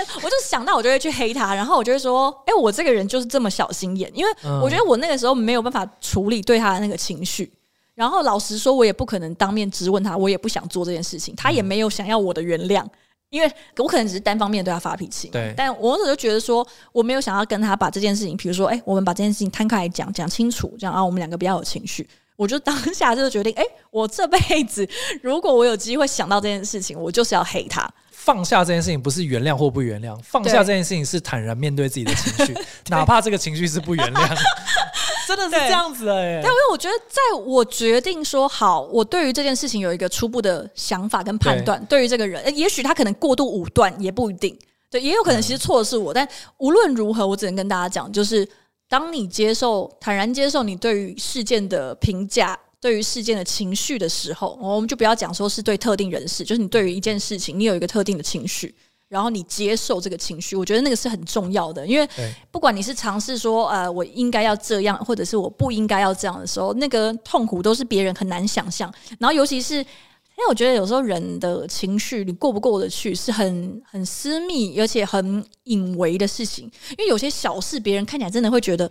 是我就想到，我就會去黑他，然後我就會說：“哎，我這個人就是這麼小心眼。”因為我覺得我那個時候沒有辦法處理對他的那個情緒。然後老實說，我也不可能當面質問他，我也不想做這件事情，他也沒有想要我的原諒。嗯因為我可能只是單方面對他發脾氣，對但我就覺得說我沒有想要跟他把這件事情，比如說，哎、欸，我們把這件事情攤開來講，講清楚，這樣啊，我們兩個比較有情緒。我就當下就決定，哎、欸，我這輩子如果我有機會想到這件事情，我就是要黑他。放下這件事情不是原諒或不原諒，放下這件事情是坦然面對自己的情緒，對哪怕這個情緒是不原諒。 對 真的是這樣子哎，但因為我覺得，在我決定說好，我對於這件事情有一個初步的想法跟判斷，對於這個人，也許他可能過度武斷，也不一定，對，也有可能其實錯的是我。嗯、但無論如何，我只能跟大家講，就是當你接受、坦然接受你對於事件的評價、對於事件的情緒的時候，我們就不要講說是對特定人士，就是你對於一件事情，你有一個特定的情緒。然後你接受這個情緒，我覺得那個是很重要的，因為不管你是嘗試說，呃，我應該要這樣，或者是我不應該要這樣的時候，那個痛苦都是別人很難想象然後，尤其是因為我覺得有時候人的情緒，你過不過得去，是很很私密，而且很隱微的事情。因為有些小事，別人看起來真的會覺得，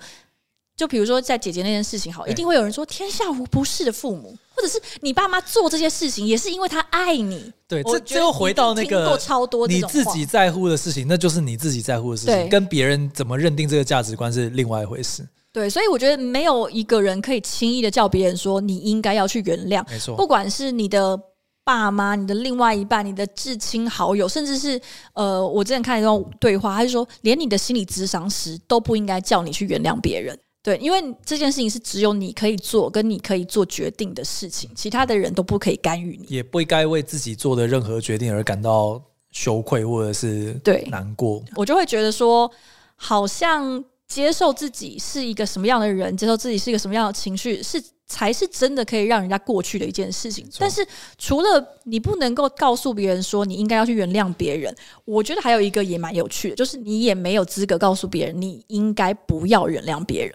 就比如說在姐姐那件事情，好，一定會有人說“天下無不是的父母”。或者是你爸媽做這些事情，也是因為他愛你。對，這最後回到那個超多你自己在乎的事情，那就是你自己在乎的事情，對跟別人怎麼認定這個價值觀是另外一回事。對，所以我覺得沒有一個人可以輕易的叫別人說你應該要去原諒，沒錯錯，不管是你的爸媽、你的另外一半、你的至親好友，甚至是呃，我之前看一段對話，他說連你的心理諮詢師都不應該叫你去原諒別人。對，因為這件事情是只有你可以做，跟你可以做決定的事情，其他的人都不可以干預你，也不應該為自己做的任何決定而感到羞愧或者是對，難過，對。我就會覺得說，好像接受自己是一個什麼樣的人，接受自己是一個什麼樣的情緒，是才是真的可以讓人家過去的一件事情。錯但是除了你不能夠告訴別人說你應該要去原諒別人，我覺得還有一個也蠻有趣的，就是你也沒有資格告訴別人你應該不要原諒別人。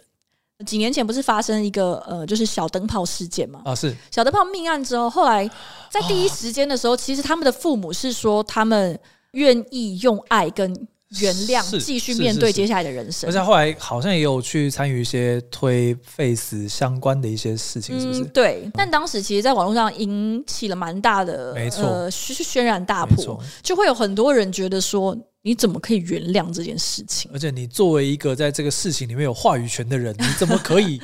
幾年前不是發生一個呃，就是小燈泡事件嘛？啊，是小燈泡命案之後，後來在第一時間的時候，啊、其實他們的父母是說他們願意用愛跟原諒，繼是續面對接下來的人生。是是是而且後來好像也有去參與一些推 Face 相關的一些事情，是不是？嗯、對。嗯、但當時其實，在網絡上引起了蠻大的，沒錯錯，軒、呃、然大波。錯就會有很多人覺得說：“你怎麼可以原諒這件事情？”而且你作為一個在這個事情裡面有話語權的人，你怎麼可以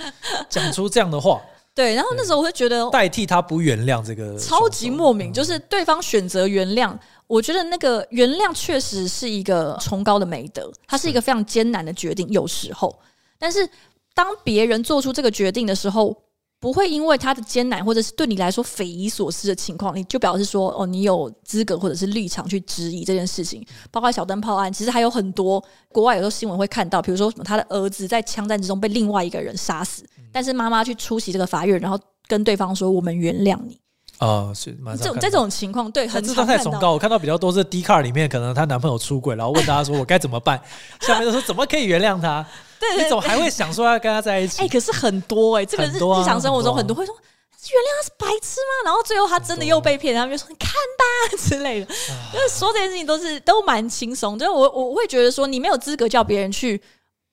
講出這樣的話？ 對。然後那時候我會覺得，代替他不原諒這個，超級莫名。嗯、就是對方選擇原諒。我覺得那個原諒確實是一個崇高的美德，它是一個非常艱難的決定。有時候，但是當別人做出這個決定的時候，不會因為他的艱難或者是對你來說匪夷所思的情況，你就表示說：“哦，你有資格或者是立場去質疑這件事情。”包括小燈泡案，其實還有很多國外有時候新聞會看到，比如說什麼他的兒子在槍戰之中被另外一個人殺死，但是媽媽去出席這個法院，然後跟對方說：“我們原諒你。”哦、嗯、是馬，這種這種情況對，很智商太崇高。我看到比較多是 D 卡裡面，可能她男朋友出軌，然後問大家說我該怎麼辦。 下面都說怎麼可以原諒他？ 對、對、對你怎麼還會想說要跟他在一起。哎、欸，可是很多哎、欸，這個是日常生活中很多會說原諒他是白痴嗎？然後最後他真的又被騙，然後就說你看吧之類的。啊、就是說這件事情都是都蠻輕鬆。就是我我會覺得說你沒有資格叫別人去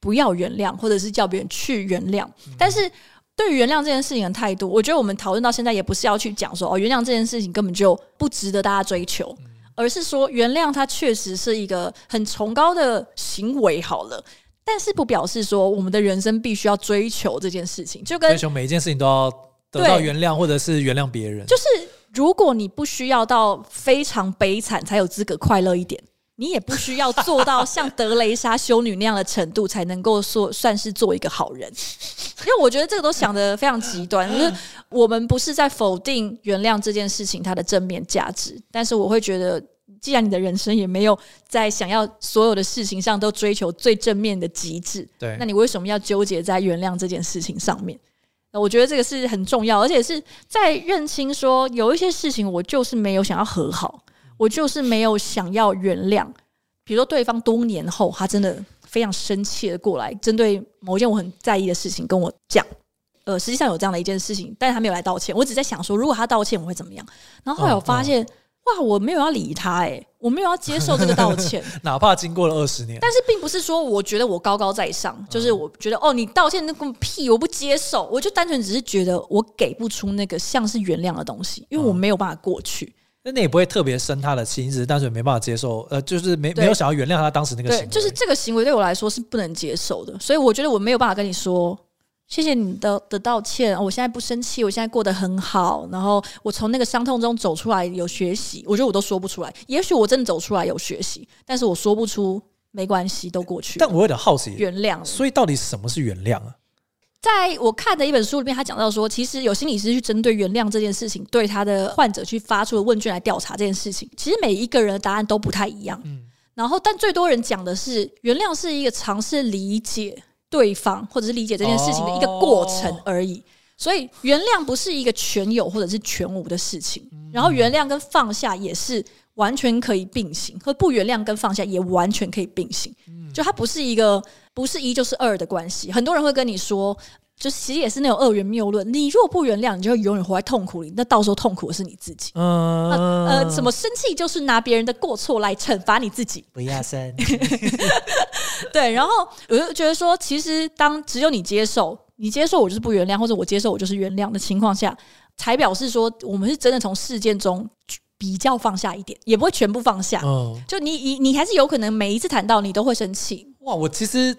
不要原諒，或者是叫別人去原諒，嗯、但是。對原諒這件事情的態度，我覺得我們討論到現在，也不是要去講說哦，原諒這件事情根本就不值得大家追求，而是說原諒它確實是一個很崇高的行為。好了，但是不表示說我們的人生必須要追求這件事情，就跟追求每一件事情都要得到原諒，或者是原諒別人，就是如果你不需要到非常悲慘才有資格快樂一點。你也不需要做到像德雷莎修女那樣的程度才能夠說算是做一個好人，因為我覺得這個都想得非常極端。就是我們不是在否定原諒這件事情它的正面價值，但是我會覺得，既然你的人生也沒有在想要所有的事情上都追求最正面的極致，對，那你為什麼要糾結在原諒這件事情上面？那我覺得這個是很重要，而且是在認清說有一些事情我就是沒有想要和好。我就是沒有想要原諒，比如說對方多年後，他真的非常生氣的過來，針對某件我很在意的事情跟我講。呃，實際上有這樣的一件事情，但是他沒有來道歉。我只在想說，如果他道歉，我會怎麼樣？然後後來我發現，哦哦、哇，我沒有要理他、欸，哎，我沒有要接受這個道歉， 哪怕經過了二十年。但是並不是說我覺得我高高在上，就是我覺得哦，哦，你道歉那個屁，我不接受。我就單純只是覺得我給不出那個像是原諒的東西，因為我沒有辦法過去。哦那那也不會特別生他的心，只是但是也沒辦法接受，呃，就是沒對沒有想要原諒他當時那個行為。對，就是這個行為對我來說是不能接受的，所以我覺得我沒有辦法跟你說，謝謝你的的道歉，我現在不生氣，我現在過得很好，然後我從那個傷痛中走出來有學習，我覺得我都說不出來，也許我真的走出來有學習，但是我說不出，沒關係，都過去。但我有點好奇，原諒，所以到底什麼是原諒啊？在我看的一本書裡面，他講到說，其實有心理師去針對原諒這件事情，對他的患者去發出的問卷來調查這件事情。其實每一個人的答案都不太一樣。嗯，然後但最多人講的是，原諒是一個嘗試理解對方，或者是理解這件事情的一個過程而已。哦，所以原諒不是一個全有或者是全無的事情。然後原諒跟放下也是。完全可以並行，和不原諒跟放下也完全可以並行。嗯，就它不是一個不是一就是二的關係。很多人會跟你說，就其實也是那種二元謬論。你若不原諒，你就會永遠活在痛苦裡，那到時候痛苦的是你自己。嗯，那，呃，什麼生氣就是拿別人的過錯來懲罰你自己，不要生。 對，然後我就覺得說，其實當只有你接受，你接受我就是不原諒，或者我接受我就是原諒的情況下，才表示說我們是真的從事件中。比較放下一點，也不會全部放下。嗯，就你你你還是有可能每一次談到你都會生氣。哇，我其實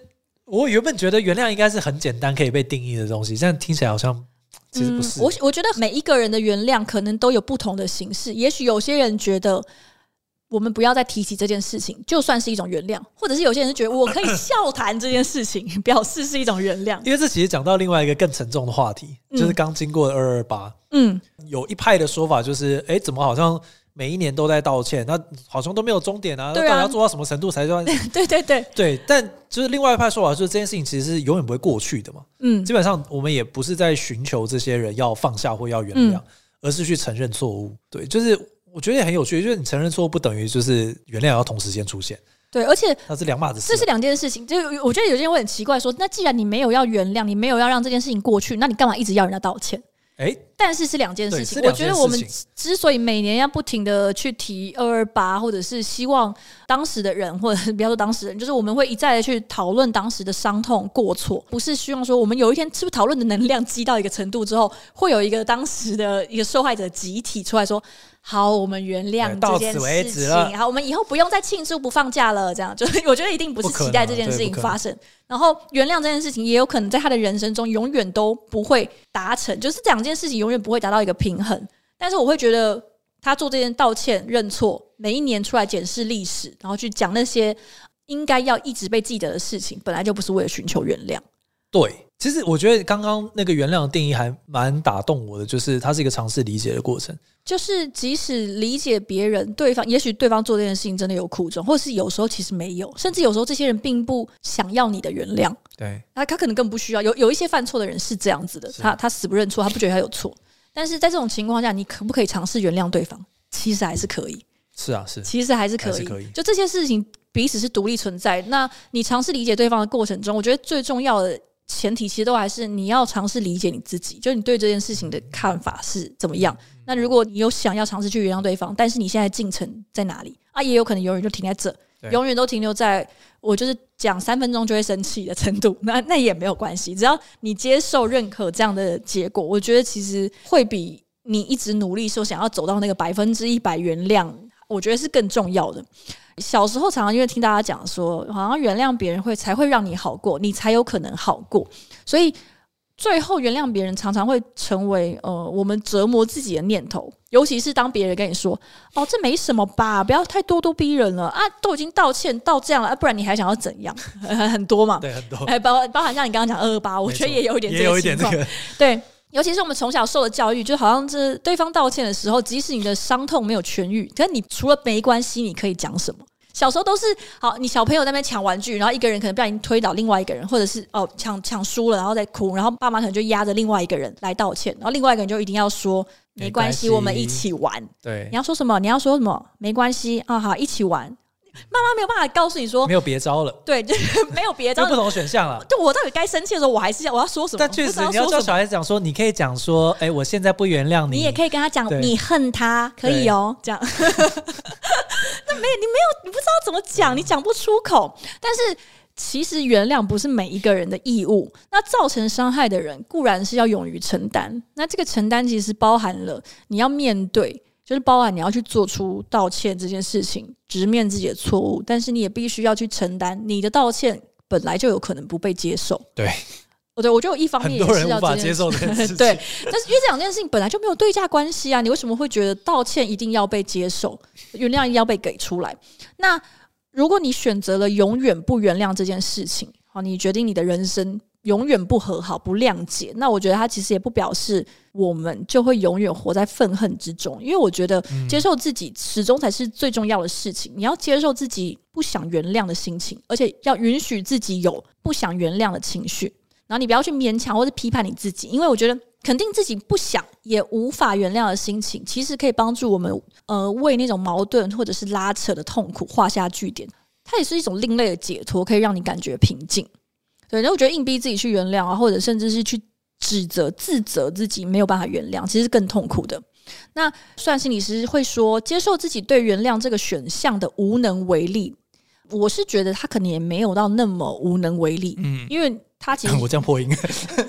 我原本覺得原諒應該是很簡單可以被定義的東西，這樣聽起來好像其實不是。嗯，我我覺得每一個人的原諒可能都有不同的形式，也許有些人覺得。我們不要再提起這件事情，就算是一種原諒，或者是有些人是覺得我可以笑談這件事情，呃、表示是一種原諒。因為這其實講到另外一個更沉重的話題，嗯、就是剛經過的二二八，嗯，有一派的說法就是，哎，怎麼好像每一年都在道歉，那好像都沒有終點啊？對啊，到底要做到什麼程度才算？對，對對對對。但就是另外一派說法，就是這件事情其實是永遠不會過去的嘛。嗯，基本上我們也不是在尋求這些人要放下或要原諒，嗯、而是去承認錯誤。對，就是。我覺得也很有趣，就是你承認錯誤不等於就是原諒，要同時間出現。對，而且那是兩碼子事，這是兩件事情。就我覺得有些人會很奇怪說，說那既然你沒有要原諒，你沒有要讓這件事情過去，那你幹嘛一直要人家道歉？哎。欸但是是，是兩件事情，我覺得我們之所以每年要不停的去提二二八，或者是希望當時的人，或者比方說當事人，就是我們會一再的去討論當時的傷痛過錯，不是希望說我們有一天是不是討論的能量積到一個程度之後，會有一個當時的一個受害者集體出來說，好，我們原諒這件事情到此為止了，好，我們以後不用再慶祝不放假了，這樣。就是我覺得一定不是期待這件事情發生，然後原諒這件事情也有可能在他的人生中永遠都不會達成，就是這兩件事情。永遠不會達到一個平衡，但是我會覺得他做這件道歉、認錯，每一年出來檢視歷史，然後去講那些應該要一直被記得的事情，本來就不是為了尋求原諒。對。其實我覺得剛剛那個原諒的定義還蠻打動我的，就是它是一個嘗試理解的過程。就是即使理解別人，對方也許對方做這件事情真的有苦衷，或者是有時候其實沒有，甚至有時候這些人並不想要你的原諒。對，他可能更不需要。有有一些犯錯的人是這樣子的，是他他死不認錯，他不覺得他有錯。但是在這種情況下，你可不可以嘗試原諒對方？其實還是可以。嗯，是啊，是。其實還是可以。可以。就這些事情彼此是獨立存在的。那你嘗試理解對方的過程中，我覺得最重要的。前提其實都還是你要嘗試理解你自己，就你對這件事情的看法是怎麼樣。那如果你有想要嘗試去原諒對方，但是你現在進程在哪裡啊？也有可能永遠就停在這，對永遠都停留在我就是講三分鐘就會生氣的程度。那那也沒有關係，只要你接受認可這樣的結果，我覺得其實會比你一直努力說想要走到那個百分之一百原諒。我覺得是更重要的。小時候常常因為聽大家講說，好像原諒別人會才會讓你好過，你才有可能好過。所以最後原諒別人，常常會成為呃我們折磨自己的念頭。尤其是當別人跟你說：“哦，這沒什麼吧，不要太多咄咄逼人了啊，都已經道歉到這樣了啊，不然你還想要怎樣？”很多嘛，對，很多，包包含像你剛剛講二二八，我覺得也有一點，也有一點這個，對。尤其是我們從小受的教育，就好像是對方道歉的時候，即使你的傷痛沒有痊癒，但是你除了沒關係，你可以講什麼？小時候都是好，你小朋友在那邊搶玩具，然後一個人可能不小心推倒另外一個人，或者是哦搶搶輸了，然後再哭，然後爸媽可能就壓着另外一個人來道歉，然後另外一個人就一定要說沒關係，沒關係，我們一起玩。對，你要說什麼？你要說什麼？沒關係啊，哦、好，一起玩。媽媽沒有辦法告訴你說沒有別招了，對，就是、沒有別招了， 不同的選項了、啊。就我到底該生氣的時候，我還是要我要說什麼？但確實你要教小孩子講說，你可以講說，哎、欸，我現在不原諒你。你也可以跟他講，對你恨他，可以哦。對這樣，那 沒有你沒有你不知道怎麼講，嗯、你講不出口。但是其實原諒不是每一個人的義務。那造成傷害的人固然是要勇於承擔。那這個承擔其實包含了你要面對。就是包含你要去做出道歉這件事情，直面自己的錯誤，但是你也必須要去承擔。你的道歉本來就有可能不被接受，對，我對我覺得一方面也是要很多人無法接受這件事情， 對，但是因為這兩件事情本來就沒有對價關係啊，你為什麼會覺得道歉一定要被接受，原諒一定要被給出來？那如果你選擇了永遠不原諒這件事情，好，你決定你的人生。永遠不和好不諒解，那我覺得他其實也不表示我們就會永遠活在憤恨之中。因為我覺得接受自己始終才是最重要的事情。嗯、你要接受自己不想原諒的心情，而且要允許自己有不想原諒的情緒，然後你不要去勉強或者批判你自己。因為我覺得肯定自己不想也無法原諒的心情，其實可以幫助我們呃為那種矛盾或者是拉扯的痛苦畫下句點。它也是一種另類的解脫，可以讓你感覺平靜。對，然後我覺得硬逼自己去原諒啊，或者甚至是去指責、自責自己沒有辦法原諒，其實是更痛苦的。那算心理師會說，接受自己對原諒這個選項的無能為力，我是覺得他可能也沒有到那麼無能為力，嗯，因為他其實我這樣破音，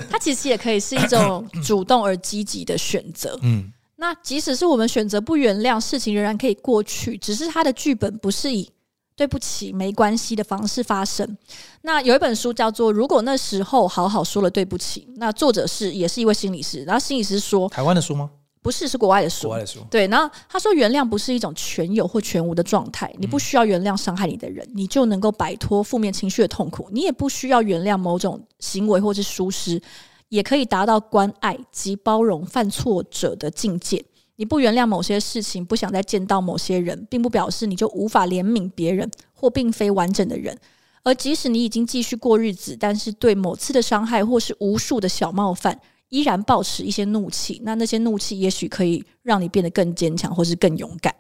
他其實也可以是一種主動而積極的選擇，嗯，那即使是我們選擇不原諒，事情仍然可以過去，只是他的劇本不是以。對不起，沒關係的方式發生。那有一本書叫做《如果那時候好好說了對不起》，那作者是也是一位心理師。然後心理師說，台灣的書嗎？不是，是國外的書。國外的書。對。然後他說，原諒不是一種全有或全無的狀態，你不需要原諒傷害你的人，嗯、你就能夠擺脫負面情緒的痛苦。你也不需要原諒某種行為或是疏失，也可以達到關愛及包容犯錯者的境界。你不原諒某些事情，不想再見到某些人，並不表示你就無法憐憫別人，或並非完整的人。而即使你已經繼續過日子，但是對某次的傷害，或是無數的小冒犯，依然保持一些怒氣，那那些怒氣也許可以讓你變得更堅強，或是更勇敢。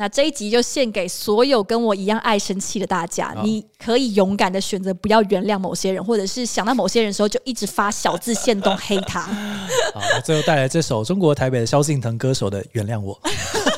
那這一集就獻給所有跟我一樣愛生氣的大家，哦、你可以勇敢的選擇不要原諒某些人，或者是想到某些人的時候就一直發小字、限動黑他。 好，然後最後帶來這首中國台北的蕭敬騰歌手的《原諒我》。